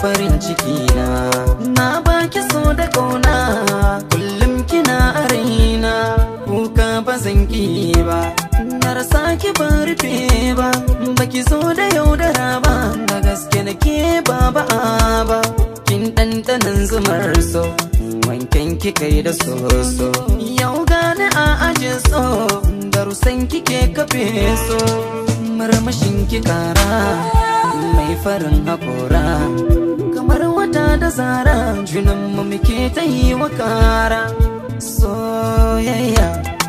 farin ciki na na baki so da kauna kullum kina a kuka ba zan ki ba na rasa ki ba rufe ba baki so da yaudara ba da gaske ke ba ba ba kin ɗanɗanan zumar so ki kai da so. yau gane a aje so ki ke kafe so marmashin ki kara mai farin hakora zara junan mu muke ta yi wa kara soyayya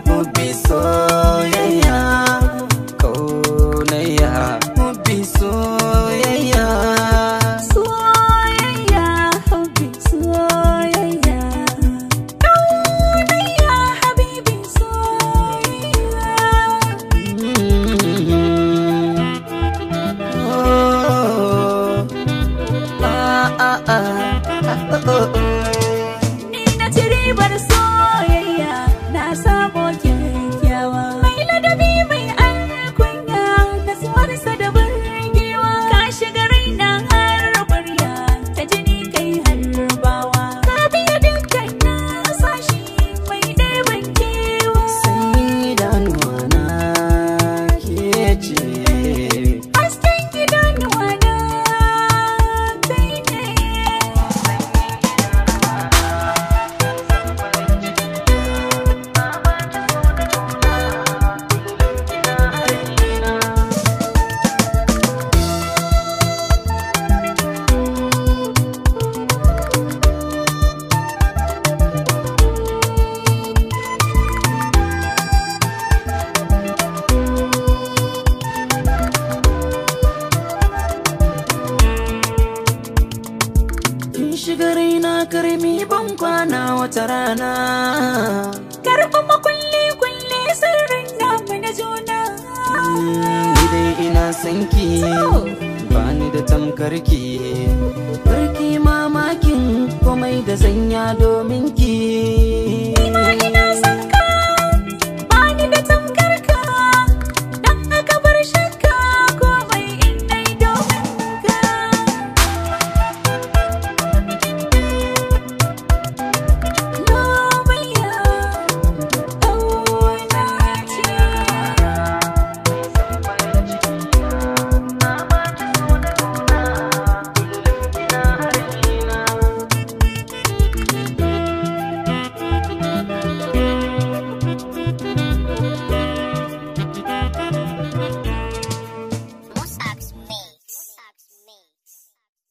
mu bi soyayya kaunayya mu bi soyayya soyayya habi soyayya kaunayya habibi soyayya mm-hmm. oh, ah, ah. ah. oh, oh. oh kin shiga karmi ban kwana wata rana karɓi makulli kulli sirrin namu na juna dai ina sanki bani da tamkarki barki mamakin komai da sanya domin ki